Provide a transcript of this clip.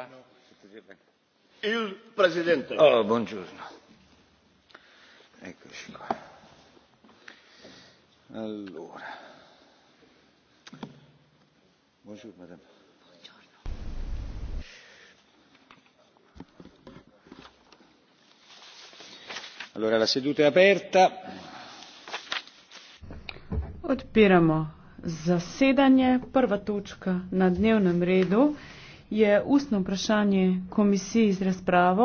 il presidente oh, onorevoli colleghi allora la seduta è aperta. odpiramo zasedanje. prva točka na dnevnem redu je je ustno vprašanje komisiji z razpravo.